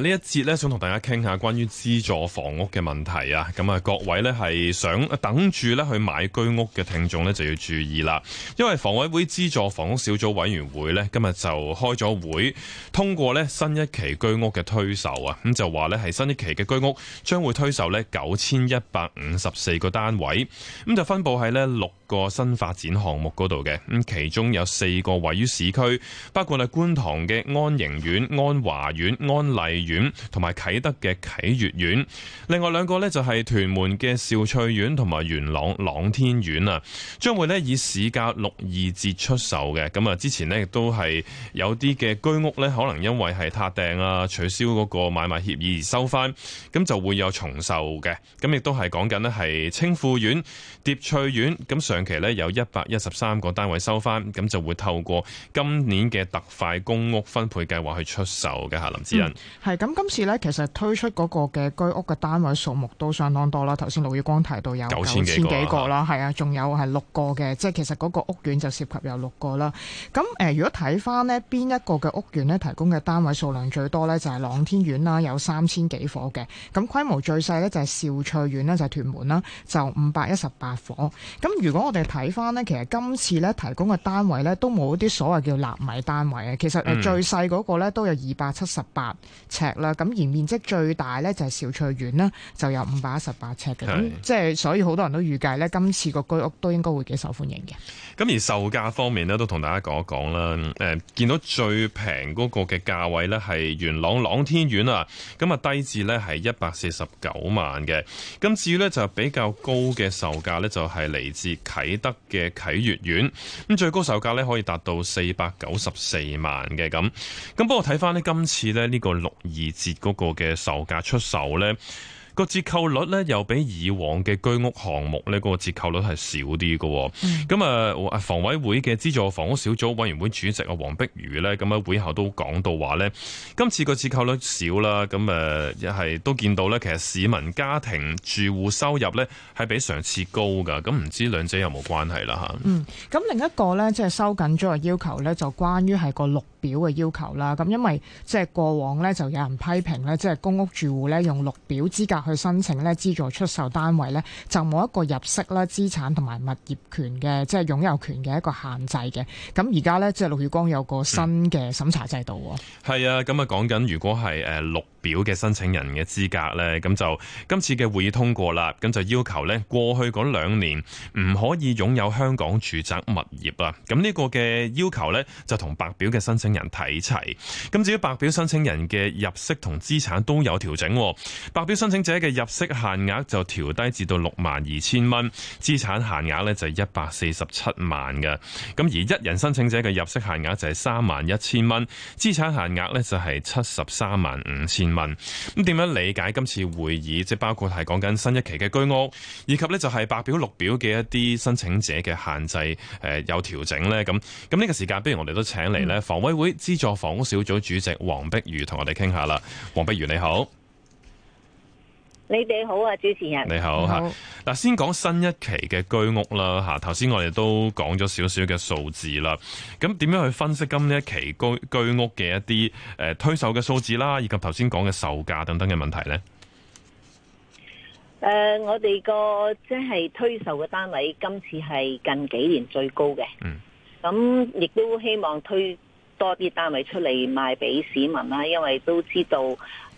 呢一節咧，想同大家傾下關於資助房屋嘅問題啊！咁啊，各位呢係想等住呢去買居屋嘅聽眾呢就要注意啦，因為房委會資助房屋小組委員會呢今日就開咗會，通過呢新一期居屋嘅推售啊！咁就話呢係新一期嘅居屋將會推售呢九千一百五十四個單位，咁就分佈喺呢六個新發展項目嗰度嘅，咁其中有四個位於市區，包括係觀塘嘅安盈苑、安華苑、安麗苑同埋啟德嘅啟悅苑。另外兩個呢，就係屯門嘅兆翠苑同埋元朗朗天苑啊，將會呢以市價六二折出售嘅。咁啊，之前呢亦都係有啲嘅居屋呢，可能因為係撻訂啊取消嗰個買賣協議而收翻，咁就會有重售嘅。咁亦都係講緊呢，係青富苑、疊翠苑咁上。上期咧有一百一十三個單位收翻，咁就會透過今年嘅特快公屋分配計劃去出售嘅。吓，林志恩係咁，今、嗯、次咧其實推出嗰個嘅居屋嘅單位數目都相當多啦。頭先盧宇光提到有九千幾個啦，係啊、嗯，仲有係六個嘅，嗯、即係其實嗰個屋苑就涉及有六個啦。咁誒、呃，如果睇翻呢邊一個嘅屋苑咧提供嘅單位數量最多咧，就係、是、朗天苑啦，有三千幾伙嘅。咁規模最細咧就係兆翠苑啦，就是、屯門啦，就五百一十八伙。咁如果我哋睇翻呢，其實今次咧提供嘅單位咧都冇一啲所謂叫納米單位啊。其實最細嗰個咧都有二百七十八尺啦，咁、嗯、而面積最大咧就係兆翠苑啦，就有五百一十八尺嘅。咁即係所以好多人都預計呢，今次個居屋都應該會幾受歡迎嘅。咁而售價方面呢，都同大家講一講啦。誒，見到最平嗰個嘅價位咧係元朗朗天苑啊，咁啊低至呢係一百四十九萬嘅。咁至於咧就比較高嘅售價咧就係嚟自啟德嘅啟悅苑，咁最高售價呢可以達到四百九十四萬嘅咁，咁不過睇翻呢，今次呢呢個六二折嗰個嘅售價出售呢個折扣率咧又比以往嘅居屋項目咧個折扣率係少啲嘅。哦、咁、嗯、啊房委會嘅資助房屋小組委員會主席阿黃碧如呢，咁、啊、喺會後都講到話呢，今次個折扣率少啦，咁啊，亦係都見到呢，其實市民家庭住戶收入呢，係比上次高噶，咁唔知兩者有冇關係啦吓。嗯，咁另一個呢，即、就、係、是、收緊咗個要求呢，就關於係個綠表嘅要求啦。咁因為即係過往呢，就有人批評呢，即、就、係、是、公屋住戶呢，用綠表資格。去申請咧資助出售單位咧，就冇一個入息咧資產同埋物業權嘅即係擁有權嘅一個限制嘅。咁而家咧即係綠月光有個新嘅審查制度。係、嗯、啊，咁啊講緊如果係誒綠表嘅申請人嘅資格咧，咁就今次嘅會議通過啦。咁就要求呢，過去嗰兩年唔可以擁有香港住宅物業啊。咁呢個嘅要求呢，就同白表嘅申請人睇齊。咁至於白表申請人嘅入息同資產都有調整，白表申請者嘅入息限額就調低至到六萬二千蚊，資產限額呢就係一百四十七萬嘅。咁而一人申請者嘅入息限額就係三萬一千蚊，資產限額呢就係七十三萬五千蚊。咁點樣理解今次會議，即包括係講緊新一期嘅居屋，以及呢就係白表綠表，嘅一啲申請者嘅限制誒、呃、有調整咧？咁咁呢個時間，不如我哋都請嚟咧房委會資助房屋小組主席黃碧如同我哋傾下啦。黃碧如你好。你哋好啊，主持人。你好吓，嗱、嗯好，先講新一期嘅居屋啦吓。頭先我哋都講咗少少嘅數字啦。咁點樣去分析今呢一期居居屋嘅一啲誒推售嘅數字啦，以及頭先講嘅售價等等嘅問題呢？誒、呃，我哋個即係推售嘅單位，今次係近幾年最高嘅。嗯。咁亦都希望推多啲單位出嚟賣俾市民啦，因為都知道，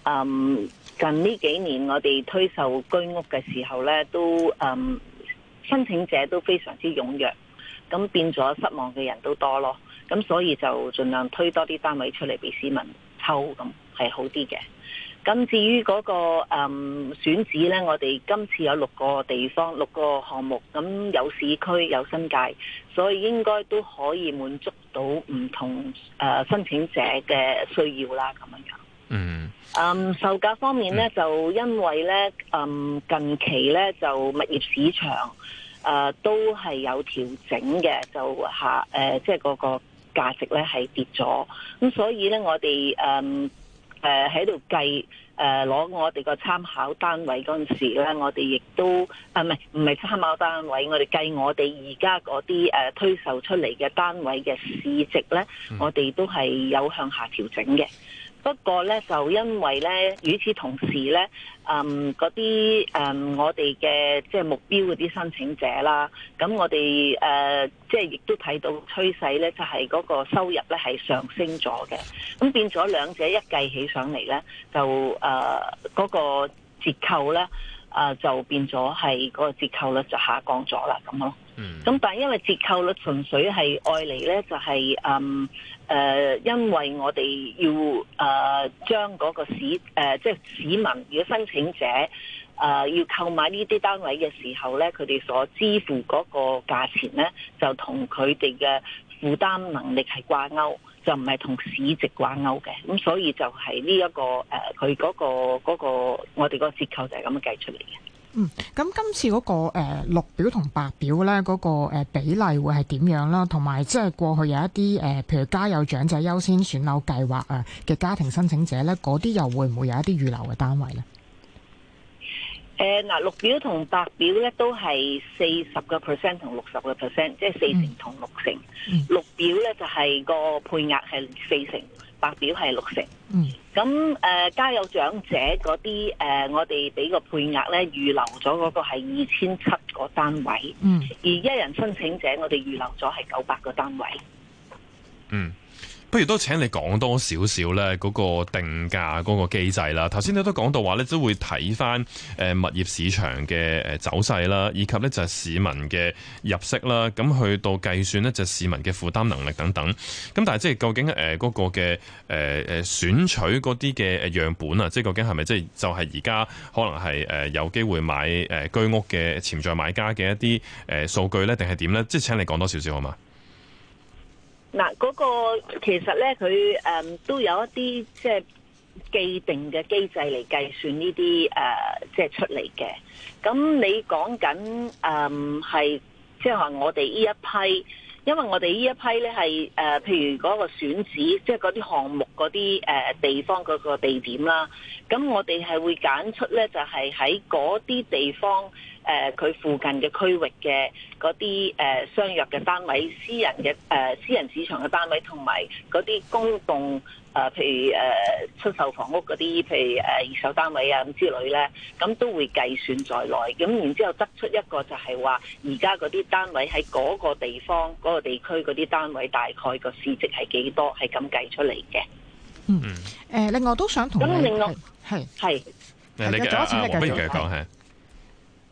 嗯。近呢幾年我哋推售居屋嘅時候咧，都誒、嗯、申請者都非常之踴躍，咁變咗失望嘅人都多咯。咁所以就盡量推多啲單位出嚟俾市民抽，咁係好啲嘅。咁至於嗰、嗰個誒、嗯、選址咧，我哋今次有六個地方，六個項目，咁有市區有新界，所以應該都可以滿足到唔同誒申請者嘅需要啦，咁樣。嗯，售價方面咧，嗯、就因為咧，嗯，近期咧就物業市場誒、呃、都係有調整嘅，就下誒即係嗰個價值咧係跌咗，咁所以咧我哋誒誒喺度計誒攞我哋個參考單位嗰陣時咧，我哋亦都啊唔係唔係參考單位，我哋計我哋而家嗰啲誒推售出嚟嘅單位嘅市值咧，我哋都係有向下調整嘅。不過咧，就因為咧，與此同時咧，嗯，嗰啲誒，我哋嘅即係目標嗰啲申請者啦，咁我哋誒、呃，即係亦都睇到趨勢咧，就係嗰個收入咧係上升咗嘅，咁變咗兩者一計起上嚟咧，就誒嗰個折扣咧。啊、呃，就變咗係個折扣率就下降咗啦，咁咯。咁、嗯、但係因為折扣率純粹係愛嚟咧，就係嗯誒、呃，因為我哋要誒將嗰個市誒，即係市民如果申請者誒、呃、要購買呢啲單位嘅時候咧，佢哋所支付嗰個價錢咧，就同佢哋嘅負擔能力係掛鈎。就唔係同市值掛鈎嘅，咁所以就係呢一個誒，佢、呃、嗰、那個嗰、那個我哋個折扣就係咁樣計出嚟嘅。嗯，咁今次嗰、那個誒綠、呃、表同白表咧，嗰、那個誒比例會係點樣啦？同埋即係過去有一啲誒、呃，譬如家有長者優先選樓計劃啊嘅家庭申請者咧，嗰啲又會唔會有一啲預留嘅單位咧？誒，嗱、呃，綠表同白表咧都係四十個 percent 同六十個 percent，即係四成同六成。嗯、綠表咧就係、是、個配額係四成，白表係六成。嗯，咁誒、呃，家有長者嗰啲，誒、呃，我哋俾個配額咧預留咗嗰個係二千七個單位。嗯，而一人申請者我哋預留咗係九百個單位。嗯。不如都請你講多少少咧嗰個定價嗰個機制啦。頭先你都講到話咧，都會睇翻誒物業市場嘅走勢啦，以及咧就係市民嘅入息啦，咁去到計算呢，就市民嘅負擔能力等等。咁但係即係究竟誒嗰個嘅誒誒選取嗰啲嘅樣本啊，即係究竟係咪即係就係而家可能係誒有機會買誒居屋嘅潛在買家嘅一啲誒數據咧，定係點咧？即係請你講多少少好嘛？嗱，嗰個其實咧，佢誒都有一啲即係既定嘅機制嚟計算呢啲誒即係出嚟嘅。咁你講緊誒係即係話我哋呢一批，因為我哋呢一批咧係誒，譬如嗰個選址，即係嗰啲項目，嗰啲誒地方，嗰個地點啦。咁我哋係會揀出咧，就係喺嗰啲地方。誒佢、呃、附近嘅區域嘅嗰啲誒相約嘅單位、私人嘅誒、呃、私人市場嘅單位，同埋嗰啲公共啊、呃，譬如誒、呃、出售房屋嗰啲，譬如誒二手單位啊咁之類咧，咁都會計算在內。咁然之後得出一個就係話，而家嗰啲單位喺嗰個地方、嗰、嗰個地區嗰啲單位大概個市值係幾多，係咁計出嚟嘅。嗯誒、呃，另外都想同你，係係係你嘅的，仲有請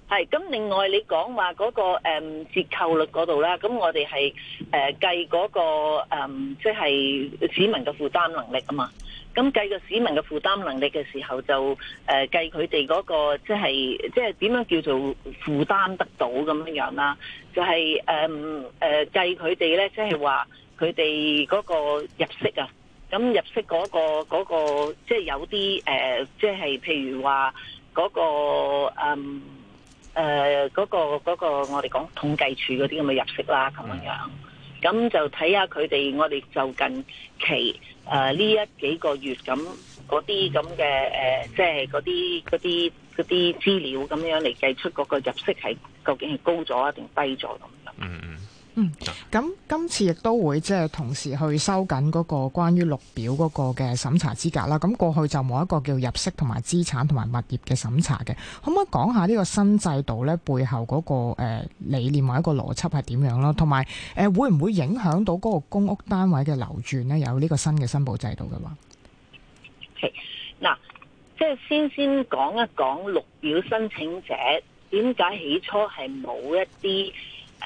係，咁另外你講話嗰個誒、嗯、折扣率嗰度啦，咁我哋係誒計嗰、那個誒，即、嗯、係、就是、市民嘅負擔能力啊嘛。咁計個市民嘅負擔能力嘅時候就、呃那個，就誒計佢哋嗰個即係即係點樣叫做負擔得到咁樣樣啦。就係誒誒計佢哋呢，即係話佢哋嗰個入息啊。咁入息嗰、那個嗰、那個即係、那個就是、有啲即係譬如話嗰、那個誒。嗯誒嗰個嗰個我哋講統計處嗰啲咁嘅入息啦，咁樣，咁就睇下佢哋我哋就近期誒呢一幾個月咁嗰啲咁嘅誒，即係嗰啲啲啲資料咁樣嚟計出嗰個入息係究竟係高咗定低咗咁樣。嗯嗯，咁今次亦都會即係同時去收緊嗰個關於綠表嗰個嘅審查資格啦。咁過去就冇一個叫入息同埋資產同埋物業嘅審查嘅，可唔可以講下呢個新制度呢？背後嗰，嗰個誒，呃、理念或者個邏輯係點樣囉？同埋誒會唔會影響到嗰個公屋單位嘅流轉呢？有呢個新嘅申報制度嘅話，係嗱，okay，即係先先講一講綠表申請者點解起初係冇一啲。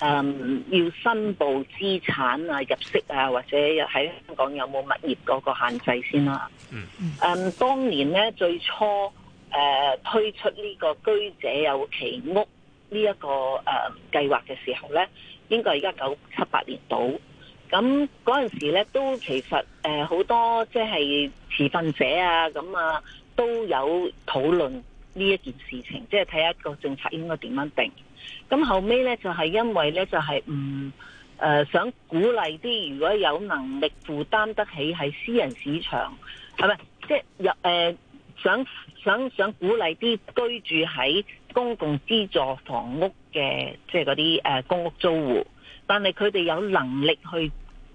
嗯，要申報資產啊、入息啊，或者喺香港有冇物業嗰個限制先啦。嗯，嗯。當年咧最初誒、呃、推出呢、這個居者有其屋呢一、這個誒計劃嘅時候咧，應該而家九七八年到。咁嗰陣時咧都其實誒好、呃、多即係持份者啊咁啊，都有討論呢一件事情，即係睇下個政策應該點樣定。咁後尾咧就係因為咧就係唔誒想鼓勵啲如果有能力負擔得起喺私人市場係咪即係誒想想想鼓勵啲居住喺公共資助房屋嘅即係嗰啲誒公屋租戶，但係佢哋有能力去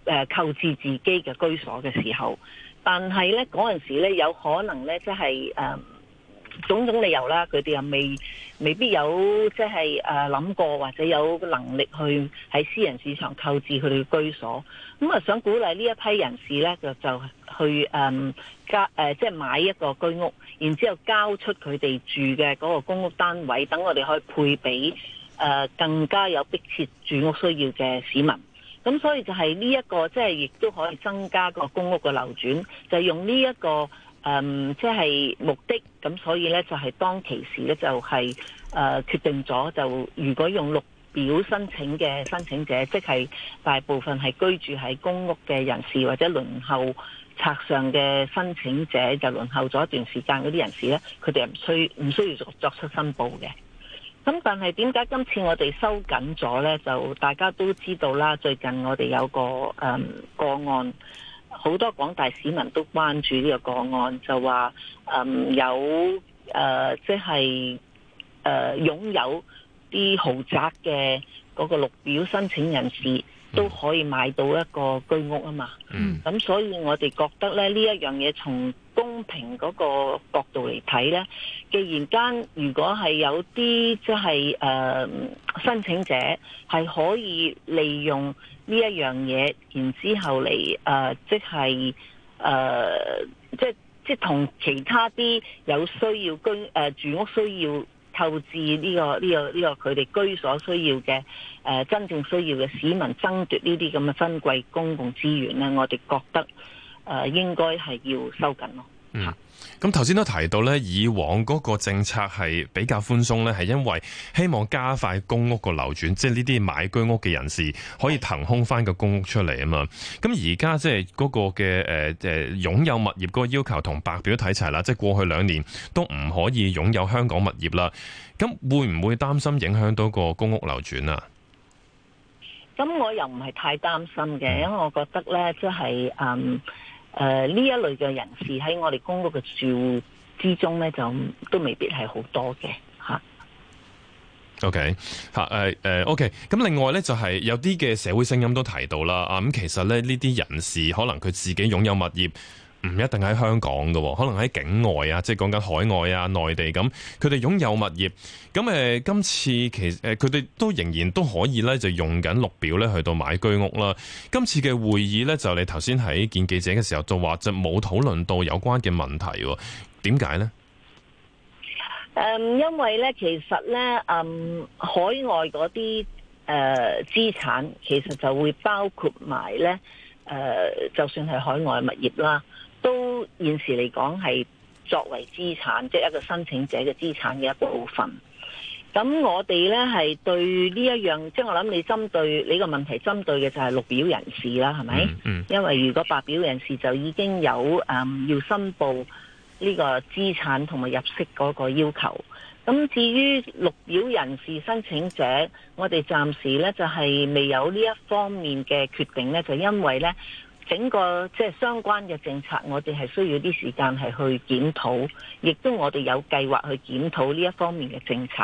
誒購置自己嘅居所嘅時候，但係咧嗰陣時咧有可能咧即係誒。呃種種理由啦，佢哋又未未必有即係誒諗過，或者有能力去喺私人市場購置佢哋嘅居所。咁啊，想鼓勵呢一批人士咧，就就去誒交誒，即係買一個居屋，然之後交出佢哋住嘅嗰個公屋單位，等我哋可以配俾誒更加有迫切住屋需要嘅市民。咁所以就係呢一個，即係亦都可以增加個公屋嘅流轉，就用呢一個。嗯，即係目的，咁所以呢，就係當其時呢就係誒決定咗，就如果用綠表申請嘅申請者，即係大部分係居住喺公屋嘅人士或者輪候冊上嘅申請者，就輪候咗一段時間嗰啲人士呢，佢哋唔需唔需要作作出申報嘅。咁但係點解今次我哋收緊咗呢？就大家都知道啦，最近我哋有個誒嗯個案。好多廣大市民都關注呢個個案，就話誒、嗯、有誒即係誒擁有啲豪宅嘅嗰個綠表申請人士都可以買到一個居屋啊嘛，咁、嗯、所以我哋覺得咧呢這一樣嘢從，公平嗰個角度嚟睇咧，既然間如果係有啲即係誒申請者係可以利用呢一樣嘢，然之後嚟誒、呃、即係誒、呃、即係即係同其他啲有需要居誒、呃、住屋需要購置呢、個呢、個呢、個佢哋居所需要嘅誒、呃、真正需要嘅市民爭奪呢啲咁嘅珍貴公共資源咧，我哋覺得。誒，應該係要收緊咯。嗯，咁頭先都提到呢，以往嗰個政策係比較寬鬆呢，係因為希望加快公屋個流轉，即係呢啲買居屋嘅人士可以騰空翻個公屋出嚟啊嘛。咁而家即係嗰個嘅，誒誒，擁有物業嗰個要求同白表睇齊啦，即係過去兩年都唔可以擁有香港物業啦。咁會唔會擔心影響到個公屋流轉啊？咁我又唔係太擔心嘅，因為我覺得呢，就是，即係嗯。誒，呢、呃、一類嘅人士喺我哋公屋嘅住戶之中咧，就都未必係好多嘅吓、啊 okay. 啊啊。OK，吓誒誒，OK。咁另外咧就係、是、有啲嘅社會聲音都提到啦，啊咁、嗯、其實咧呢啲人士可能佢自己擁有物業。唔一定喺香港㗎，可能喺境外啊，即係講緊海外啊、內地咁，佢哋擁有物業咁。誒、呃，今次其實誒，佢哋都仍然都可以咧，就用緊綠表咧去到買居屋啦。今次嘅會議咧，就你頭先喺見記者嘅時候就話就冇討論到有關嘅問題，點解咧？誒、嗯，因為咧，其實咧，嗯，海外嗰啲誒資產，其實就會包括埋咧，誒、呃，就算係海外物業啦。都現時嚟講係作為資產，即係一個申請者嘅資產嘅一部分。咁我哋呢係對呢一樣，即係我諗你針對呢個問題，針對嘅就係綠表人士啦，係咪？嗯嗯。因為如果白表人士就已經有誒、嗯、要申報呢個資產同埋入息嗰個要求。咁至於綠表人士申請者，我哋暫時呢就係未有呢一方面嘅決定呢，就因為呢。整個即係、就是、相關嘅政策，我哋係需要啲時間係去檢討，亦都我哋有計劃去檢討呢一方面嘅政策。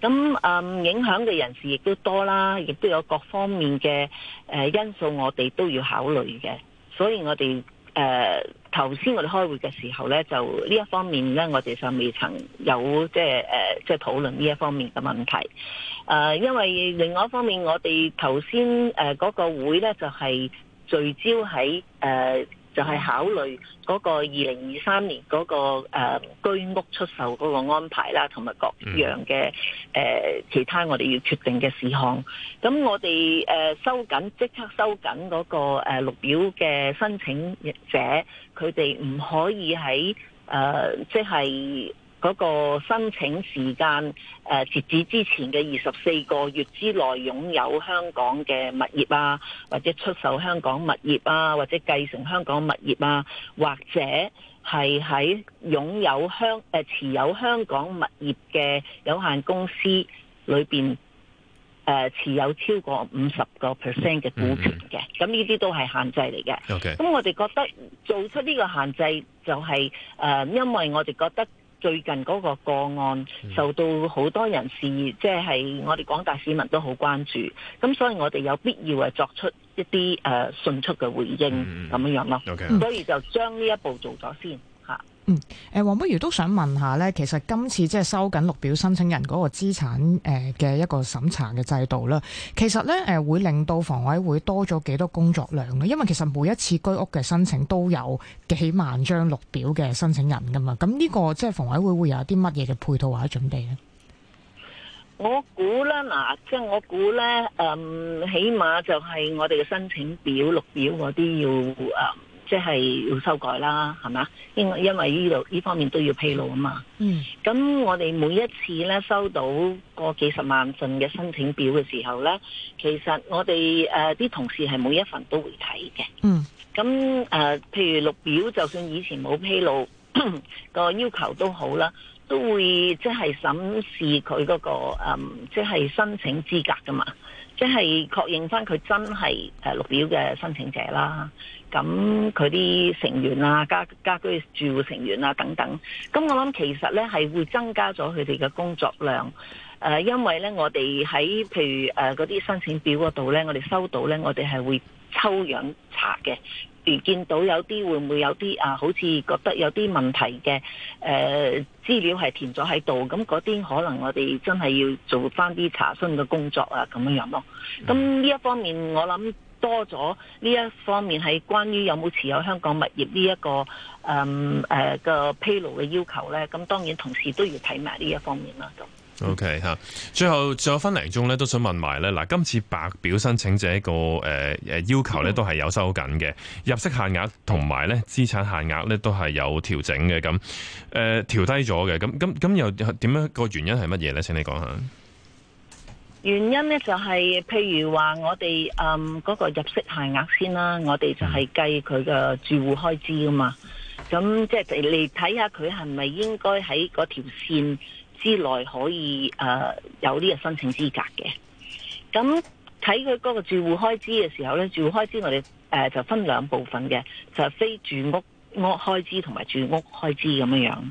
咁、嗯、誒影響嘅人士亦都多啦，亦都有各方面嘅誒因素，我哋都要考慮嘅。所以我哋誒頭先我哋開會嘅時候咧，就呢一方面咧，我哋就未曾有即係誒、呃、即係討論呢一方面嘅問題。誒，因為另外一方面，我哋頭先誒嗰個會咧就係、是。聚焦喺誒、呃，就係、是、考慮嗰個二零二三年嗰、那個誒、呃、居屋出售嗰個安排啦，同埋各樣嘅誒、呃、其他我哋要決定嘅事項。咁我哋誒、呃、收緊即刻收緊嗰、那個誒、呃、綠表嘅申請者，佢哋唔可以喺誒即係。呃就是嗰個申請時間，誒、呃、截止之前嘅二十四個月之內擁有香港嘅物業啊，或者出售香港物業啊，或者繼承香港物業啊，或者係喺擁有香誒、呃、持有香港物業嘅有限公司裏邊誒持有超過五十個 percent 嘅股權嘅，咁呢啲都係限制嚟嘅。咁 Okay，我哋覺得做出呢個限制就係、係、誒、呃、因為我哋覺得。最近嗰個個案受到好多人士，即係我哋廣大市民都好關注，咁所以我哋有必要係作出一啲誒迅速嘅回應咁樣，嗯，樣咯。Okay. 所以就將呢一步做咗先。嗯，誒，黃碧如都想問一下呢，其實今次即係收緊綠表申請人嗰個資產誒嘅一個審查嘅制度啦。其實呢，誒，會令到房委會多咗幾多工作量咧？因為其實每一次居屋嘅申請都有幾萬張綠表嘅申請人噶嘛。咁呢個即係房委會會有啲乜嘢嘅配套或者準備咧？我估咧，嗱，即係我估呢，誒、就是嗯，起碼就係我哋嘅申請表綠表嗰啲要誒。嗯即係要修改啦，係嘛？因因為呢度呢方面都要披露啊嘛。嗯。咁我哋每一次咧收到個幾十萬份嘅申請表嘅時候咧，其實我哋誒啲同事係每一份都會睇嘅。嗯。咁誒、呃，譬如綠表，就算以前冇披露、 個要求都好啦，都會即係審視佢嗰、那個誒，即、嗯、係、就是、申請資格噶嘛，即係確認翻佢真係誒綠表嘅申請者啦。咁佢啲成員啊，家家居住戶成員啊等等，咁我諗其實咧係會增加咗佢哋嘅工作量。誒、呃，因為咧我哋喺譬如誒嗰啲申請表嗰度咧，我哋收到咧，我哋係會抽樣查嘅。如見到有啲會唔會有啲啊，好似覺得有啲問題嘅誒資料係填咗喺度，咁嗰啲可能我哋真係要做翻啲查詢嘅工作啊，咁樣樣咯。咁呢一方面我諗。多咗呢一方面係關於有冇持有香港物業呢、這、一個誒誒嘅披露嘅要求咧，咁當然同時都要睇埋呢一方面啦。咁 OK 吓，最後仲有分零鐘咧，都想問埋咧嗱，今次白表申請者個誒、呃、要求咧都係有收緊嘅、嗯、入息限額同埋咧資產限額咧都係有調整嘅，咁誒、呃、調低咗嘅，咁咁咁又點樣？個原因係乜嘢咧？請你講下。原因呢就係、是，譬如話我哋誒嗰個入息限額先啦，我哋就係計佢嘅住戶開支噶嘛，咁即係你睇下佢係咪應該喺嗰條線之內可以誒、呃、有呢個申請資格嘅。咁睇佢嗰個住戶開支嘅時候呢，住戶開支我哋誒、呃、就分兩部分嘅，就係非住屋屋開支同埋住屋開支咁樣樣，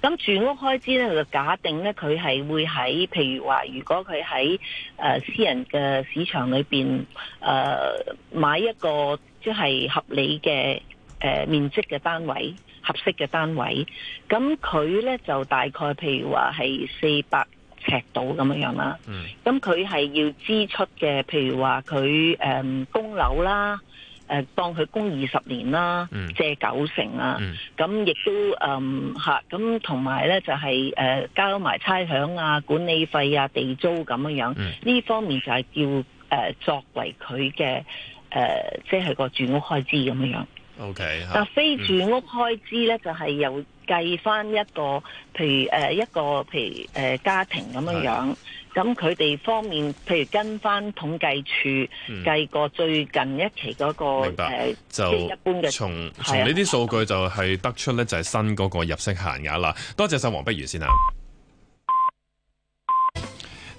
咁住屋開支咧就假定咧佢係會喺，譬如話如果佢喺誒私人嘅市場裏邊誒、呃、買一個即係合理嘅誒、呃、面積嘅單位，合適嘅單位，咁佢咧就大概譬如話係四百尺度咁樣樣啦。咁佢係要支出嘅，譬如話佢誒供樓啦。誒，當佢供二十年啦，借九成啊，咁亦、嗯嗯、都誒吓，咁同埋咧就係、是、誒、呃、交埋差餉啊、管理費啊、地租咁樣樣，呢、嗯、方面就係叫誒、呃、作為佢嘅誒即係個住屋開支咁樣。O Okay , K，但非住屋開支咧、嗯、就係有。計翻一個，譬如誒、呃、一個譬如誒、呃、家庭咁樣樣，咁佢哋方面，譬如跟翻統計處、嗯、計過最近一期嗰、嗰個誒，就一般嘅從從呢啲的數據就係得出咧，就係新嗰個入息限額啦。多謝晒黃碧如先啊！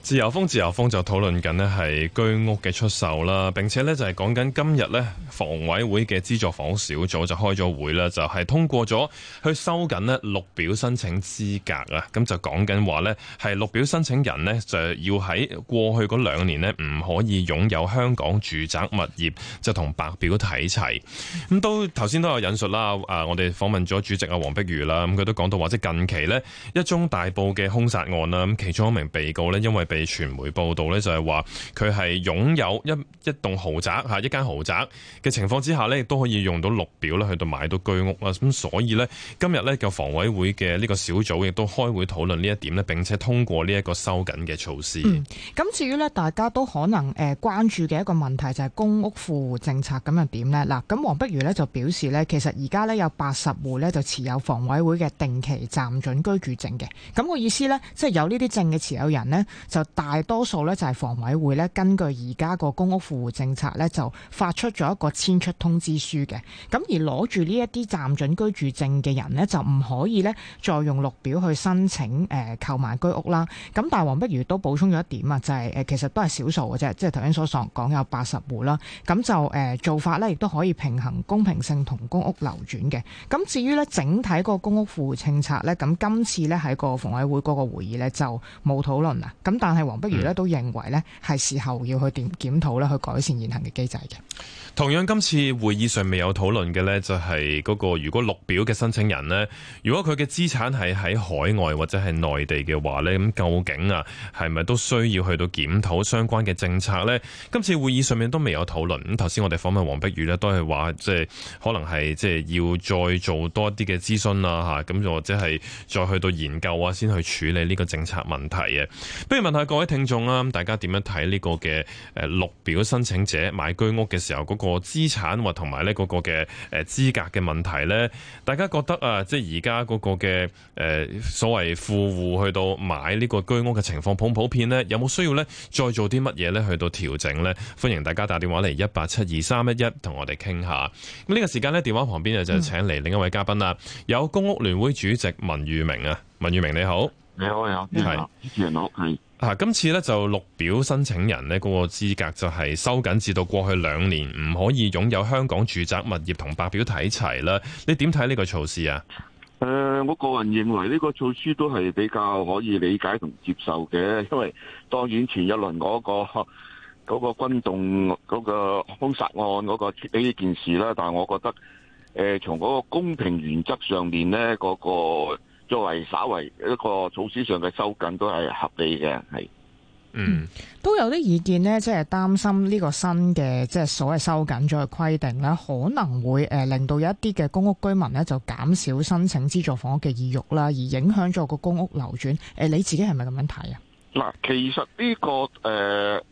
自由風自由風就討論緊呢係居屋嘅出售啦，並且呢，就係講緊今日呢房委會嘅資助房小組就開咗會啦，就係、是、通過咗去收緊呢綠表申請資格啊，咁就講緊話呢，係綠表申請人呢，就要喺過去嗰兩年呢，唔可以擁有香港住宅物業，就同白表睇齊。咁都頭先都有引述啦，啊我哋訪問咗主席阿黃碧如啦，咁佢都講到話即近期呢，一宗大埔嘅兇殺案啦，咁其中一名被告呢，因為被被傳媒報道呢，就係話佢係擁有一一棟豪宅嚇，一間豪宅嘅情況之下呢，亦都可以用到綠表咧，去到買到居屋啦。咁所以呢，今日呢個房委會嘅呢個小組亦都開會討論呢一點呢，並且通過呢一個收緊嘅措施。咁、嗯、至於呢，大家都可能誒、呃、關注嘅一個問題就係公屋富戶政策咁又點呢？嗱，咁黃碧如呢就表示呢，其實而家呢有八十戶呢就持有房委會嘅定期暫准居住證嘅。咁、那個意思呢，即、就、係、是、有呢啲證嘅持有人呢。就大多數咧就係房委會咧，根據而家個公屋富戶政策咧，就發出咗一個遷出通知書嘅。咁而攞住呢一啲暫准居住證嘅人咧，就唔可以咧再用綠表去申請誒購買居屋啦。咁黃碧如都補充咗一點啊，就係、是、誒、呃、其實都係少數嘅啫，即係頭先所講有八十戶啦。咁就誒、呃、做法咧，亦都可以平衡公平性同公屋流轉嘅。咁至於咧整體個公屋富戶政策咧，咁今次咧喺個房委會嗰個會議，咧就冇討論啦。咁但但係黃碧如咧都認為咧係時候要去檢檢討啦，去改善現行嘅機制嘅。同樣今次會議上未有討論嘅咧，就係嗰個如果綠表嘅申請人咧，如果佢嘅資產係喺海外或者係內地嘅話咧，咁究竟啊係咪都需要去到檢討相關嘅政策咧？今次會議上面都未有討論。咁頭先我哋訪問黃碧如咧，都係話即係可能係即係要再做多啲嘅諮詢啦，吓咁或者係再去到研究啊，先去處理呢個政策問題嘅。不如問下？各位聽眾啦，大家點樣睇呢個嘅誒，綠表申請者買居屋嘅時候，嗰個資產或同埋呢嗰個嘅誒資格嘅問題呢？大家覺得啊，即係而家嗰個嘅誒所謂富戶去到買呢個居屋嘅情況普唔普遍呢，有冇需要呢？再做啲乜嘢呢？去到調整呢？歡迎大家打電話嚟一八七二三一一同我哋傾下。咁呢個時間呢，電話旁邊就請嚟另一位嘉賓啦，有公屋聯會主席文裕明啊，文裕明你好，你好，你好你好，主持人好係。啊、今次咧就綠表申請人咧嗰、那個資格就係收緊，至到過去兩年唔可以擁有香港住宅物業同白表睇齊啦。你點睇呢個措施啊？誒、呃，我個人認為呢個措施都係比較可以理解同接受嘅，因為當然前一輪嗰、那個嗰、那個軍動嗰、那個兇殺案嗰、那個呢件事啦。但係我覺得誒、呃，從嗰個公平原則上面咧，嗰、那個。作為稍為一個措施上嘅收緊都係合理嘅。係，嗯，都有啲意見呢，即係擔心呢個新嘅即係所謂收緊咗嘅規定咧，可能會誒令到一啲嘅公屋居民咧就減少申請資助房屋嘅意欲啦，而影響咗個公屋流轉。誒，你自己係咪咁樣睇啊？嗱，其實呢個誒。呃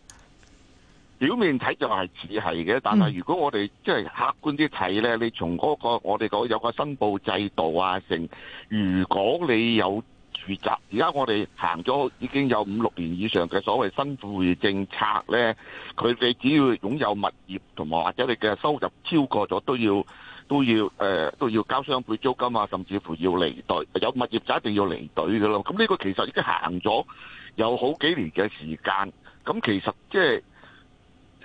表面睇就係似係嘅，但係如果我哋即係客觀啲睇呢，你從嗰個我哋講有個申報制度啊，成。如果你有住宅，而家我哋行咗已經有五六年以上嘅所謂新富戶政策呢，佢哋只要擁有物業同埋或者你嘅收入超過咗，都要都要誒、呃、都要交雙倍租金啊，甚至乎要離隊有物業就一定要離隊㗎咯。咁呢個其實已經行咗有好幾年嘅時間，咁其實即係。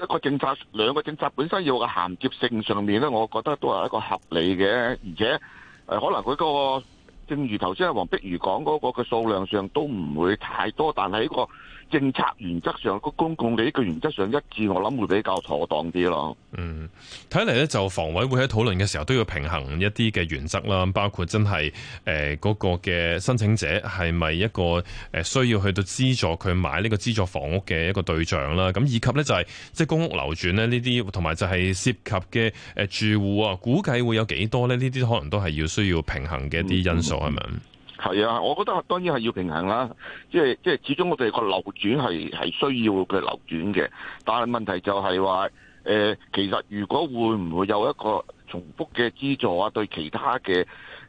一個政策，兩個政策本身要個銜接性上面咧，我覺得都係一個合理嘅，而且誒可能佢個。正如頭先阿黃碧如講嗰個嘅數量上都唔會太多，但係呢個政策原則上個公共嘅呢個原則上一致，我諗會比較妥當啲咯。嗯，睇嚟咧就房委會喺討論嘅時候都要平衡一啲嘅原則啦，包括真係誒嗰個嘅申請者係咪一個誒需要去到資助佢買呢個資助房屋嘅一個對象啦？咁以及呢，就係即係公屋流轉咧呢啲，同埋就係涉及嘅誒、呃、住戶啊，估計會有幾多呢？呢啲可能都係要需要平衡嘅一啲因素。嗯嗯係啊，我覺得當然係要平衡啦。即係即係，始終我哋個流轉係係需要嘅流轉嘅，但係問題就係話誒，其實如果會唔會有一個重複嘅資助啊？對其他嘅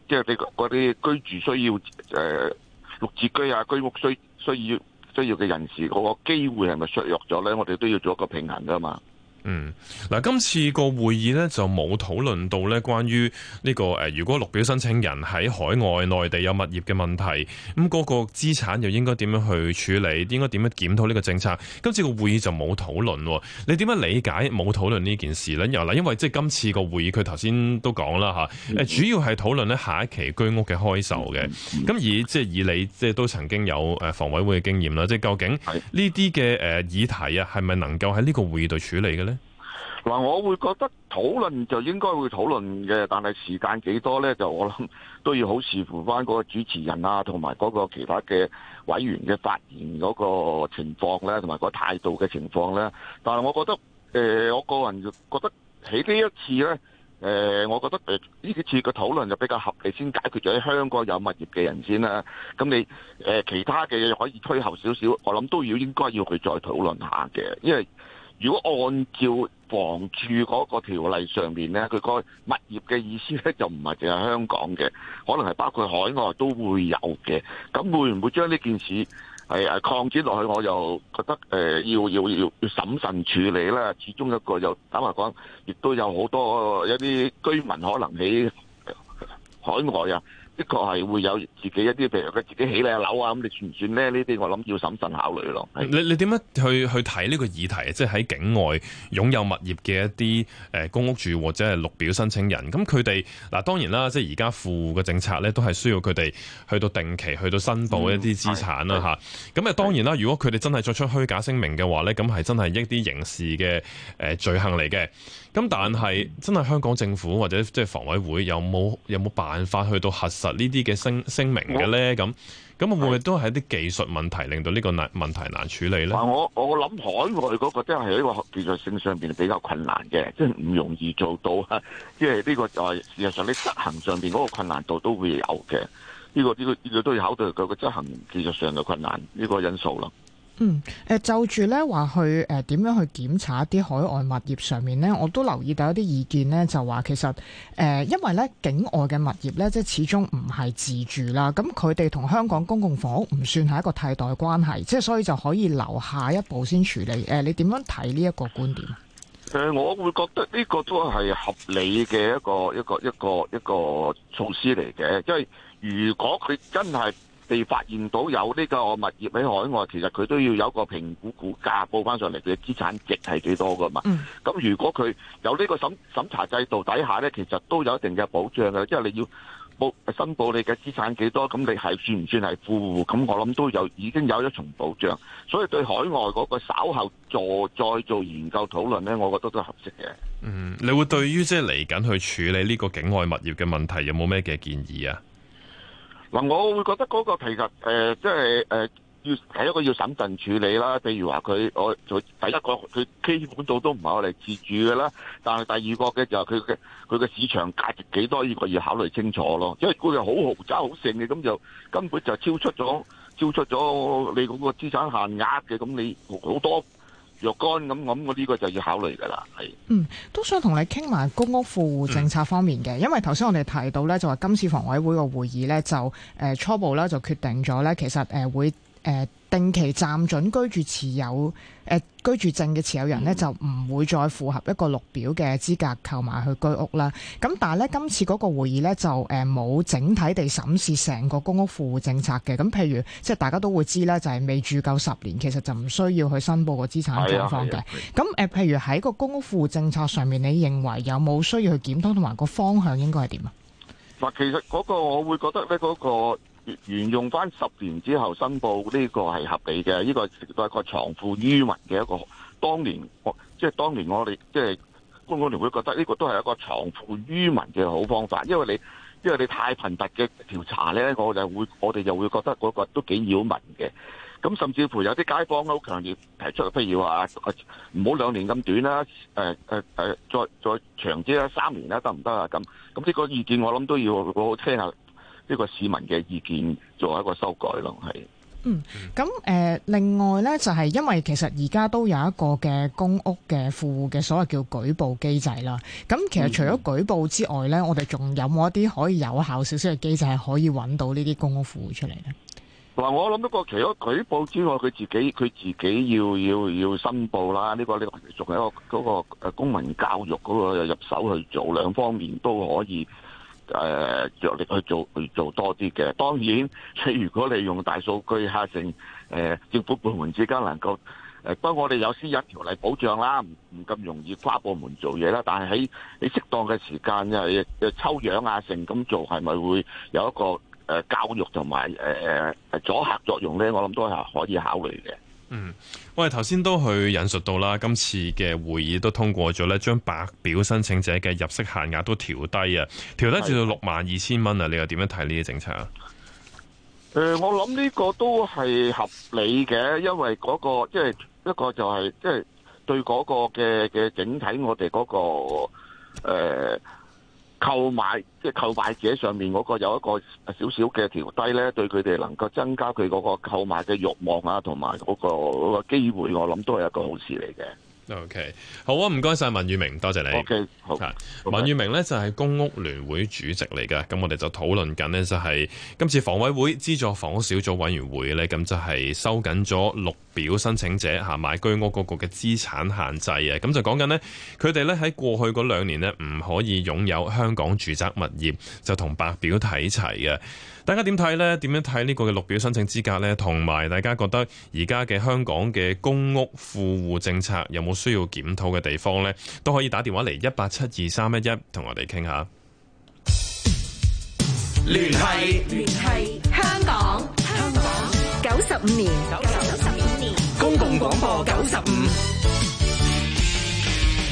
即係你嗰啲居住需要誒，綠、呃、置居啊，居屋需要需要需要嘅人士嗰、嗰個機會係咪削弱咗咧？我哋都要做一個平衡噶嘛。嗯，嗱，今次個會議咧就冇討論到咧關於呢個誒，如果綠表申請人喺海外、內地有物業嘅問題，咁嗰個資產又應該點樣去處理？應該點樣檢討呢個政策？今次個會議就冇討論，你點樣理解冇討論呢件事咧？又嗱，因為即係今次個會議，佢頭先都講啦吓，誒，主要係討論咧下一期居屋嘅開售嘅，咁而即係以你即係都曾經有誒房委會嘅經驗啦，即係究竟呢啲嘅誒議題啊，係咪能夠喺呢個會議度處理嘅咧？嗱，我會覺得討論就應該會討論嘅，但係時間幾多呢？就我諗都要好視乎翻嗰個主持人啊，同埋嗰個其他嘅委員嘅發言嗰個情況咧，同埋個態度嘅情況咧。但係我覺得，誒、呃，我個人就覺得喺呢一次呢，誒、呃，我覺得呢幾次嘅討論就比較合理，先解決咗香港有物業嘅人先啦，啊。咁你誒、呃、其他嘅嘢可以推後少少，我諗都要應該要佢再討論下嘅，因為如果按照房住嗰個條例上面呢，佢個物業嘅意思呢就唔係淨係香港嘅，可能係包括海外都會有嘅。咁會唔會將呢件事係係擴展落去？我又覺得誒要要要要審慎處理啦。始終一個又坦白講，亦都有好多一啲居民可能喺海外啊。的確係會有自己一啲，譬如佢自己起咧樓啊，咁你算唔算呢？呢啲我諗要審慎考慮咯。你你點樣去去睇呢個議題啊？即係喺境外擁有物業嘅一啲誒公屋住或者係綠表申請人，咁佢哋嗱當然啦，即係而家附嘅政策咧，都係需要佢哋去到定期去到申報一啲資產啦，吓、嗯，咁啊當然啦，如果佢哋真係作出虛假聲明嘅話咧，咁係真係一啲刑事嘅誒罪行嚟嘅。咁但係真係香港政府或者即係房委會有冇有冇辦法去到核實聲呢啲嘅聲聲明嘅咧？咁咁會唔會都係啲技術問題令到呢個難問題難處理咧？我我諗海外嗰個真係喺呢個技術性上邊比較困難嘅，即係唔容易做到。即係呢個就係事實上你執行上邊嗰個困難度都會有嘅。呢、這個呢、這個都要考慮到佢個執行技術上嘅困難呢、這個因素咯。嗯，誒、呃、就住咧話去誒點、呃、樣去檢查一啲海外物業上面咧，我都留意到一啲意見咧，就話其實誒、呃，因為咧境外嘅物業咧，即始終唔係自住啦，咁佢哋同香港公共房屋唔算係一個替代關係，即係所以就可以留下一步先處理。誒、呃，你點樣睇呢一個觀點？誒、呃，我會覺得呢個都係合理嘅一個一個一個一個措施嚟嘅，因為如果佢真係。你發現到有呢個物業喺海外，其實佢都要有個評估估價報翻上嚟嘅資產值係幾多噶嘛？咁、嗯、如果佢有呢個審,審查制度底下呢，其實都有一定嘅保障嘅，即係你要報申報你嘅資產幾多，咁你係算唔算係富戶？咁我諗都有已經有一重保障，所以對海外嗰個稍後再做再做研究討論呢，我覺得都合適嘅。嗯，你會對於即係嚟緊去處理呢個境外物業嘅問題有冇咩嘅建議啊？嗱，我會覺得嗰個其實誒，即係誒，要係一個要審慎處理啦。譬如話佢，我佢第一個佢基本上都唔係我哋自住嘅啦，但係第二個嘅就係佢嘅佢嘅市場價值幾多，呢個要要考慮清楚咯。因為佢哋好豪宅好盛嘅，咁就根本就超出咗超出咗你嗰個資產限額嘅，咁你好多，若干咁，咁我呢個就要考慮噶啦，係。嗯，都想同你傾埋公屋富戶政策方面嘅，嗯、因為頭先我哋提到咧，就話今次房委會個會議咧，就誒、呃、初步啦就決定咗咧，其實誒、呃、會。誒、呃，定期暫準居住持有誒、呃、居住證嘅持有人呢，嗯、就唔會再符合一個綠表嘅資格購買去居屋啦。咁但係咧，今次嗰個會議咧就誒冇整體地審視成個公屋富戶政策嘅。咁譬如即係大家都會知咧，就係、是、未住夠十年，其實就唔需要去申報個資產狀況嘅。咁誒、啊，啊、譬如喺個公屋富戶政策上面，你認為有冇需要去檢討，同埋個方向應該係點啊？嗱，其實嗰個我會覺得咧，嗰個。沿用翻十年之後申報呢個係合理嘅，呢個亦都係一個藏富於民嘅一個。當年我即係當年我哋即係公屋聯會覺得呢個都係一個藏富於民嘅好方法，因為你因為你太頻密嘅調查咧，我就會我哋就會覺得嗰個都幾擾民嘅。咁甚至乎有啲街坊好強烈提出，譬如話唔好兩年咁短啦、啊，再再長啲啦，三年啦，得唔得啊？咁咁呢個意見我諗都要好好聽下，呢個市民嘅意見做一個修改咯，係。嗯，咁誒，另外咧就係因為其實而家都有一個嘅公屋嘅富戶嘅所謂叫舉報機制啦。咁其實除咗舉報之外咧，我哋仲有冇一啲可以有效少少嘅機制係可以揾到呢啲公屋富戶出嚟咧？嗱，我諗不過除咗舉報之外，佢自己佢自己要要要申報啦。呢個呢個仲有一個嗰個誒公民教育嗰個入手去做，兩方面都可以。誒著力去做去做多啲嘅。當然你如果你用大數據嚇成誒政府部門之間能夠誒，當然我哋有私隱條例保障啦，唔唔咁容易跨部門做嘢啦。但係喺喺適當嘅時間又抽樣啊，成咁做係咪會有一個誒教育同埋誒誒阻嚇作用咧？我諗都係可以考慮嘅。嗯，喂，我哋頭先都去引述到啦，今次嘅會議都通過咗咧，將白表申請者嘅入息限額都調低啊，調低至到六萬二千蚊啊，你又點樣睇呢啲政策啊？誒、呃，我諗呢個都係合理嘅，因為嗰，嗰個即係一個就係即係對嗰個嘅嘅整體，我哋嗰，嗰個誒。呃購買，即係購買者上面嗰個有一個少少嘅調低呢，對佢哋能夠增加佢嗰個購買嘅欲望啊，同埋嗰個嗰個機會，我諗都係一個好事嚟嘅。O、okay. K，好啊，唔該晒。文裕明，多謝，謝你。O K，好。文裕明呢，就係、是、公屋聯會主席嚟㗎。咁我哋就討論緊呢，就係今次房委會資助房屋小組委員會呢，咁就係收緊咗六表申請者吓買居屋嗰個嘅資產限制啊，咁就講緊呢，佢哋呢，喺過去嗰兩年呢，唔可以擁有香港住宅物業，就同白表睇齊嘅。大家點睇呢？點樣睇呢個嘅綠表申請資格呢？同埋，大家覺得而家嘅香港嘅公屋富戶政策有冇需要檢討嘅地方呢？都可以打電話嚟一八七二三一一，同我哋傾下。聯繫聯繫香港香港九十五年九十五年、年、年公共廣播九十五。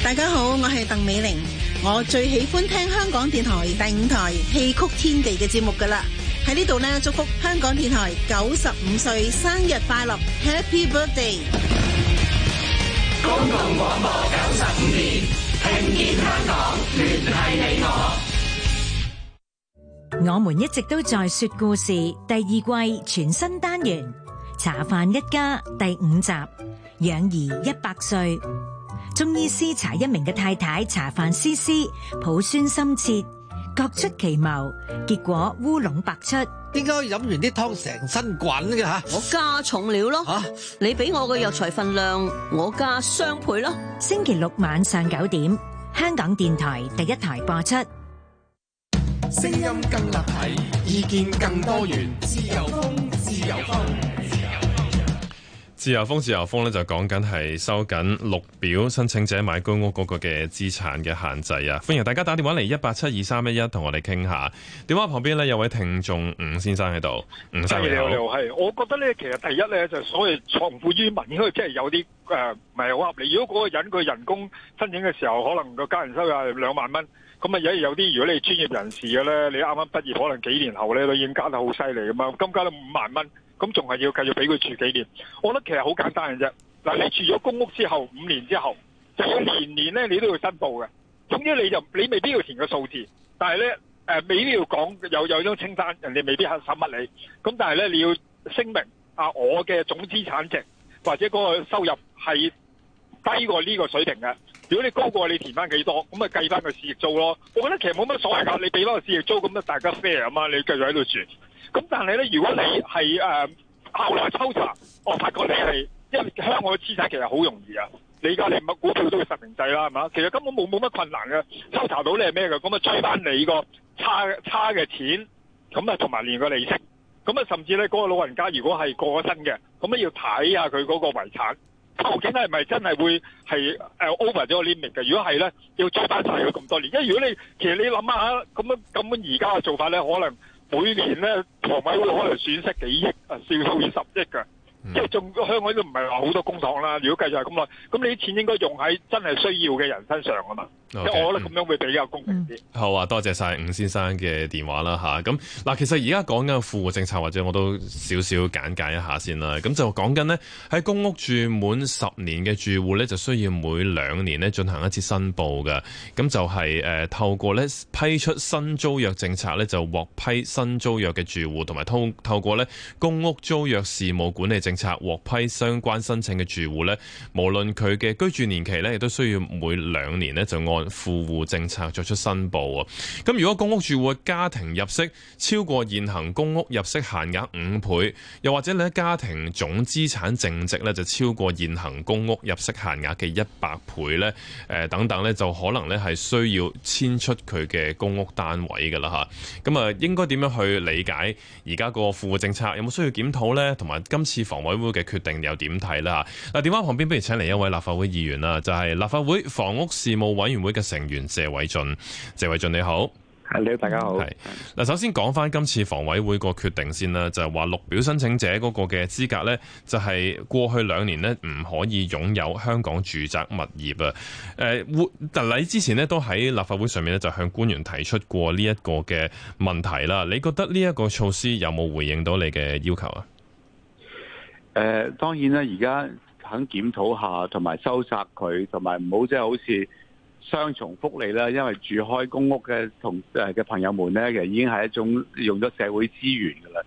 大家好，我係鄧美玲，我最喜歡聽香港電台第五台戲曲天地嘅節目噶啦。喺呢度呢，祝福香港電台九十五歲生日快樂，Happy Birthday！公共廣播九十五年，聽見香港，聯繫你我。我們一直都在說故事第二季全新單元《茶飯一家》第五集《養兒一百歲》，中醫師茶一名嘅太太茶飯思思，抱孫心切。各出奇謀，結果烏龍百出。點解飲完啲湯成身滾嘅吓？我加重料咯。你俾我嘅藥材份量，我加雙倍咯。星期六晚上九點，香港電台第一台播出，聲音更立體，意見更多元，自由風，自由風。自由風自由風咧，就講緊係收緊綠表申請者買居屋嗰個嘅資產嘅限制啊。歡迎大家打電話嚟一八七二三一一同我哋傾下。電話旁邊咧，有位聽眾伍先生喺度，吳生你好。你好，係，我覺得咧，其實第一咧，就是、所謂藏富於民，應該即係有啲誒唔係好合理。如果嗰個人佢人工申請嘅時候，可能個家人收入係兩萬蚊，咁啊，而有啲如果你專業人士嘅咧，你啱啱畢業，可能幾年後咧，你已經加到好犀利咁啊，今加到五萬蚊。咁仲係要繼續俾佢住幾年？我覺得其實好簡單嘅啫。嗱，你住咗公屋之後五年之後，就要年年咧，你都要申報嘅。總之你就你未必要填個數字，但係咧誒，未必要講有有一張清單，人哋未必肯審乜你。咁但係咧，你要聲明啊，我嘅總資產值或者嗰個收入係低過呢個水平嘅。如果你高過，你填翻幾多，咁咪計翻個事業租咯。我覺得其實冇乜所謂㗎。你俾返個市值租，咁咪大家 fair 啊嘛。你繼續喺度住。咁但係咧，如果你係誒後來抽查，我、哦、發覺你係因為香港嘅資產，其實好容易啊！你家你乜股票都要實名制啦，係嘛？其實根本冇冇乜困難嘅，抽查到你係咩嘅，咁啊追翻你個差差嘅錢，咁啊同埋連個利息，咁啊甚至咧嗰、那個老人家如果係過咗身嘅，咁啊要睇下佢嗰個遺產究竟係咪真係會係 over 咗個 limit 嘅？如果係咧，要追翻晒佢咁多年，因為如果你其實你諗下咁啊而家嘅做法咧，可能。每年呢，房委會可能損失幾億啊，少少二十億㗎。即係仲香港都唔係話好多公帑啦。如果繼續係咁耐，咁你啲錢應該用喺真係需要嘅人身上啊嘛。即 Okay, 我覺得咁樣會比較公平啲、嗯。好啊，多謝晒伍先生嘅電話啦嚇。咁、啊、嗱，其實而家講緊嘅富戶政策或者我都少少簡介一下先啦。咁就講緊呢，喺公屋住滿十年嘅住戶咧就需要每兩年呢進行一次申報㗎。咁就係、是、誒、呃、透過呢批出新租約政策咧就獲批新租約嘅住戶同埋通透過呢公屋租約事務管理，政策獲批相關申請嘅住戶咧，無論佢嘅居住年期咧，亦都需要每兩年咧就按富戶政策作出申報啊。咁如果公屋住戶家庭入息超過現行公屋入息限額五倍，又或者你家庭總資產淨值咧就超過現行公屋入息限額嘅一百倍咧，誒等等咧就可能咧係需要遷出佢嘅公屋單位噶啦吓，咁啊，應該點樣去理解而家個富戶政策有冇需要檢討咧？同埋今次房房委會嘅決定又點睇咧？吓嗱，電話旁邊不如請嚟一位立法會議員啦，就係、是、立法會房屋事務委員會嘅成員謝偉俊。謝偉俊你好，係你好，大家好。係嗱，首先講翻今次房委會個決定先啦，就係話綠表申請者嗰個嘅資格咧，就係過去兩年呢唔可以擁有香港住宅物業啊。誒，特例之前呢都喺立法會上面咧就向官員提出過呢一個嘅問題啦。你覺得呢一個措施有冇回應到你嘅要求啊？誒、呃、當然啦，而家肯檢討下，同埋收窄佢，同埋唔好即係好似雙重福利啦。因為住開公屋嘅同誒嘅朋友們咧，其實已經係一種用咗社會資源㗎喇。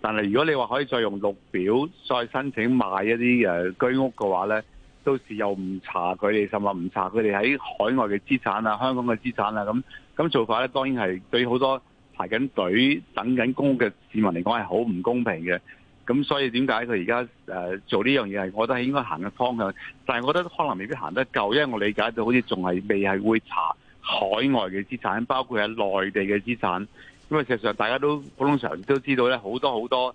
但係如果你話可以再用綠表再申請買一啲誒居屋嘅話咧，到時又唔查佢哋，甚至唔查佢哋喺海外嘅資產啊、香港嘅資產啊，咁咁做法咧，當然係對好多排緊隊等緊公屋嘅市民嚟講係好唔公平嘅。咁所以點解佢而家誒做呢樣嘢係我覺得應該行嘅方向，但係我覺得可能未必行得夠，因為我理解到好似仲係未係會查海外嘅資產，包括喺內地嘅資產。咁事實上大家都普通常都知道咧，好多好多誒、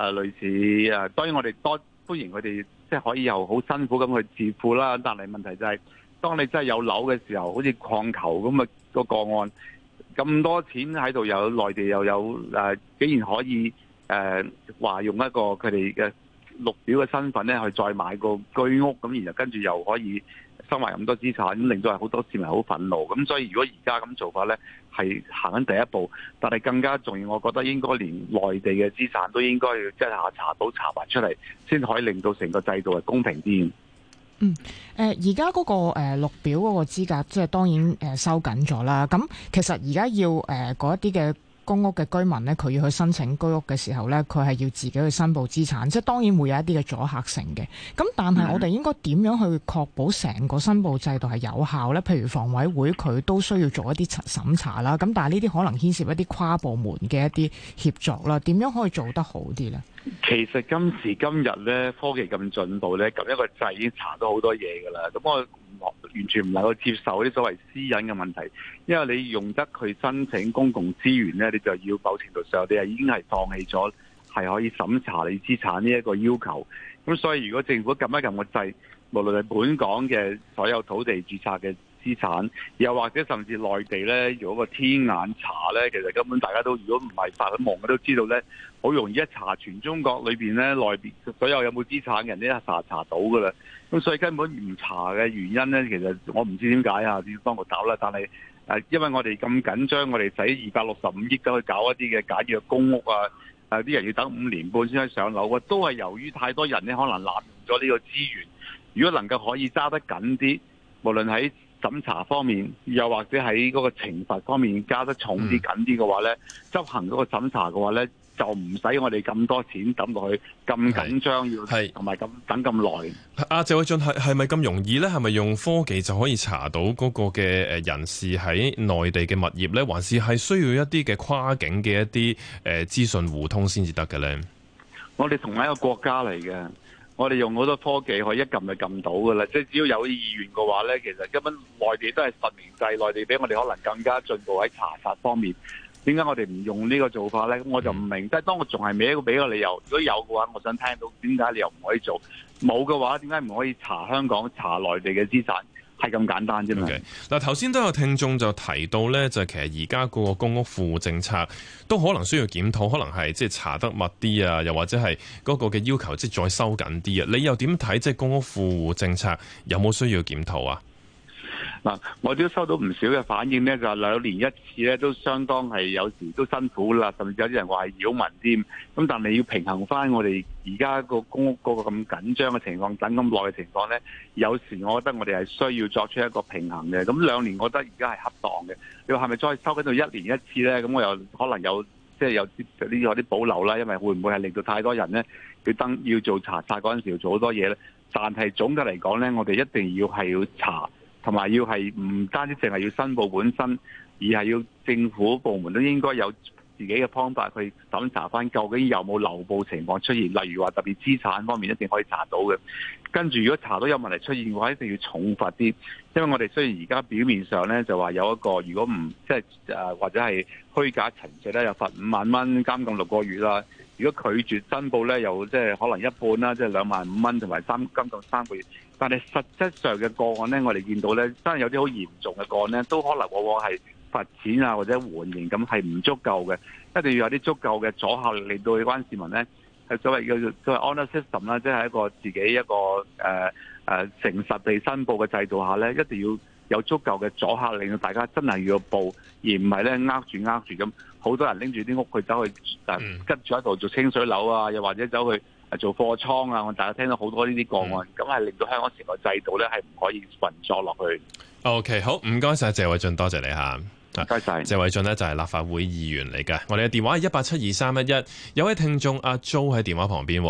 啊、類似啊，當然我哋多歡迎佢哋即係可以又好辛苦咁去致富啦，但係問題就係，當你真係有樓嘅時候，好似礦球咁嘅個個案，咁多錢喺度，有內地又有誒、啊，竟然可以。誒話、呃、用一個佢哋嘅綠表嘅身份咧，去再買個居屋，咁然後跟住又可以收埋咁多資產，咁令到係好多市民好憤怒。咁所以如果而家咁做法咧，係行緊第一步，但係更加重要，我覺得應該連內地嘅資產都應該要即係查到查埋出嚟，先可以令到成個制度係公平啲。嗯，誒而家嗰個誒綠、呃、表嗰個資格，即係當然誒收緊咗啦。咁其實而家要誒嗰、呃、一啲嘅。公屋嘅居民呢，佢要去申請居屋嘅時候呢，佢係要自己去申報資產，即係當然會有一啲嘅阻嚇性嘅。咁但係我哋應該點樣去確保成個申報制度係有效呢？譬如房委會，佢都需要做一啲審查啦。咁但係呢啲可能牽涉一啲跨部門嘅一啲協作啦。點樣可以做得好啲呢？其實今時今日呢，科技咁進步呢，咁一個掣已經查到好多嘢噶啦。咁我。完全唔能夠接受啲所謂私隱嘅問題，因為你用得佢申請公共資源呢，你就要某程度上你係已經係放棄咗係可以審查你資產呢一個要求。咁所以如果政府撳一撳個掣，無論係本港嘅所有土地注冊嘅資產，又或者甚至內地呢，如果個天眼查呢，其實根本大家都如果唔係發緊夢嘅都知道呢，好容易一查全中國裏邊呢，內邊所有有冇資產嘅人呢一查查到噶啦。咁所以根本唔查嘅原因咧，其實我唔知點解啊，要幫我搞啦。但係誒、啊，因為我哋咁緊張，我哋使二百六十五億都去搞一啲嘅簡約公屋啊，誒、啊、啲人要等五年半先可以上樓啊，都係由於太多人咧，可能濫用咗呢個資源。如果能夠可以揸得緊啲，無論喺審查方面，又或者喺嗰個懲罰方面加得重啲緊啲嘅話咧，嗯、執行嗰個審查嘅話咧。就唔使我哋咁多錢揼落去咁緊張，要同埋咁等咁耐。阿謝偉俊係係咪咁容易呢？係咪用科技就可以查到嗰個嘅誒人士喺內地嘅物業呢？還是係需要一啲嘅跨境嘅一啲誒、呃、資訊互通先至得嘅呢？我哋同一個國家嚟嘅，我哋用好多科技，可以一撳就撳到噶啦。即係只要有意願嘅話呢，其實根本內地都係實名制，內地比我哋可能更加進步喺查殺方面。點解我哋唔用呢個做法呢？我就唔明。即係當我仲係未一個俾個理由，如果有嘅話，我想聽到點解你又唔可以做？冇嘅話，點解唔可以查香港、查內地嘅資產？係咁簡單啫嘛？嗱，頭先都有聽眾就提到呢，就係其實而家個公屋富戶政策都可能需要檢討，可能係即係查得密啲啊，又或者係嗰個嘅要求即係再收緊啲啊？你又點睇即係公屋富戶政策有冇需要檢討啊？嗱、嗯，我都收到唔少嘅反應咧，就係、是、兩年一次咧，都相當係有時都辛苦啦，甚至有啲人話係擾民添。咁但係你要平衡翻我哋而家個公屋嗰個咁緊張嘅情況、等咁耐嘅情況咧，有時我覺得我哋係需要作出一個平衡嘅。咁兩年，我覺得而家係恰當嘅。你話係咪再收緊到一年一次咧？咁我又可能有即係、就是、有啲呢啲保留啦，因為會唔會係令到太多人咧要登、要做查晒嗰陣時要做好多嘢咧？但係總嘅嚟講咧，我哋一定要係要查。同埋要係唔單止淨係要申報本身，而係要政府部門都應該有自己嘅方法去審查返究竟有冇漏報情況出現。例如話特別資產方面一定可以查到嘅。跟住如果查到有問題出現嘅話，一定要重罰啲。因為我哋雖然而家表面上咧就話有一個，如果唔即係或者係虛假程序咧，就罰五萬蚊監禁六個月啦。如果拒絕申報咧，又即係可能一半啦，即係兩萬五蚊，同埋三金到三個月。但係實際上嘅個案咧，我哋見到咧，真係有啲好嚴重嘅個案咧，都可能往往係罰錢啊，或者緩刑咁，係唔足夠嘅。一定要有啲足夠嘅阻嚇力，令到嗰班市民咧，係所謂嘅所謂 honor system 啦，即係一個自己一個誒誒、呃呃、誠實地申報嘅制度下咧，一定要，有足夠嘅阻嚇，令到大家真係要報，而唔係咧呃住呃住咁。好多人拎住啲屋，佢走去啊、嗯、跟住喺度做清水樓啊，又或者走去啊做貨倉啊。我大家聽到好多呢啲個案，咁係、嗯、令到香港成個制度咧係唔可以運作落去。OK，好，唔該晒。謝偉俊，多謝,謝你嚇，唔該晒。謝偉俊呢就係立法會議員嚟㗎，我哋嘅電話係一八七二三一一，有位聽眾阿 Jo 喺電話旁邊。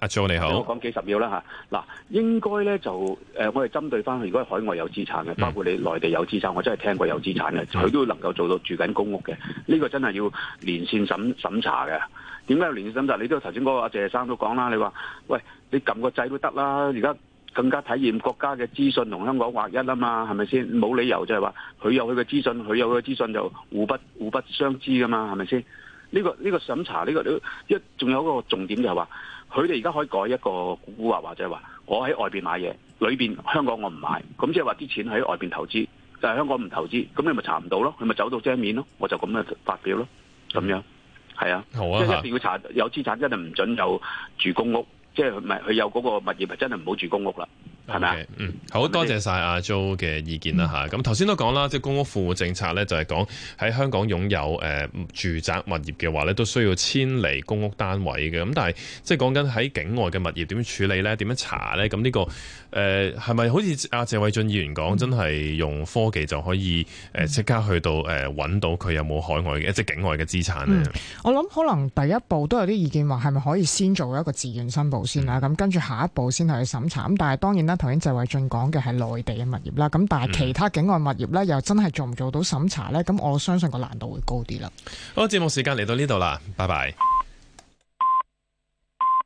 阿 Joe 你好，我講幾十秒啦吓。嗱，應該咧就誒、呃，我哋針對翻，如果係海外有資產嘅，包括你內地有資產，我真係聽過有資產嘅，佢、嗯、都能夠做到住緊公屋嘅。呢、這個真係要連線審審查嘅。點解要連線審查？你都頭先嗰個阿謝生都講啦，你話喂，你撳個掣都得啦。而家更加體驗國家嘅資訊同香港劃一啦嘛，係咪先？冇理由就係話佢有佢嘅資訊，佢有佢嘅資訊就互不互不相知噶嘛，係咪先？呢、這個呢、這個審查呢、這個一，仲有一個重點就係話。佢哋而家可以改一個古古惑或者話我喺外面買嘢，裏面香港我唔買，咁即係話啲錢喺外面投資，但係香港唔投資，咁你咪查唔到咯？你咪走到遮面咯？我就咁樣發表咯，咁樣係、嗯、啊，即係、好啊、一定要查有資產，真係唔準有住公屋，即係佢咪佢有嗰個物業咪真係唔好住公屋啦。係咪？是 okay, 嗯，好多謝晒、啊、阿 Jo 嘅意見啦吓。咁頭先都講啦，即係公屋富戶政策咧，就係講喺香港擁有誒、呃、住宅物業嘅話咧，都需要遷離公屋單位嘅。咁但係即係講緊喺境外嘅物業點樣處理咧？點樣查咧？咁呢、這個誒係咪好似阿謝偉俊議員講，嗯、真係用科技就可以誒即刻去到誒揾、呃、到佢有冇海外嘅即係境外嘅資產咧、嗯？我諗可能第一步都有啲意見話，係咪可以先做一個自願申報先啦、啊？咁、嗯、跟住下一步先係去審查。咁但係當然啦。頭先謝偉俊講嘅係內地嘅物業啦，咁但係其他境外物業咧，又真係做唔做到審查咧？咁我相信個難度會高啲啦。好，節目時間嚟到呢度啦，拜拜。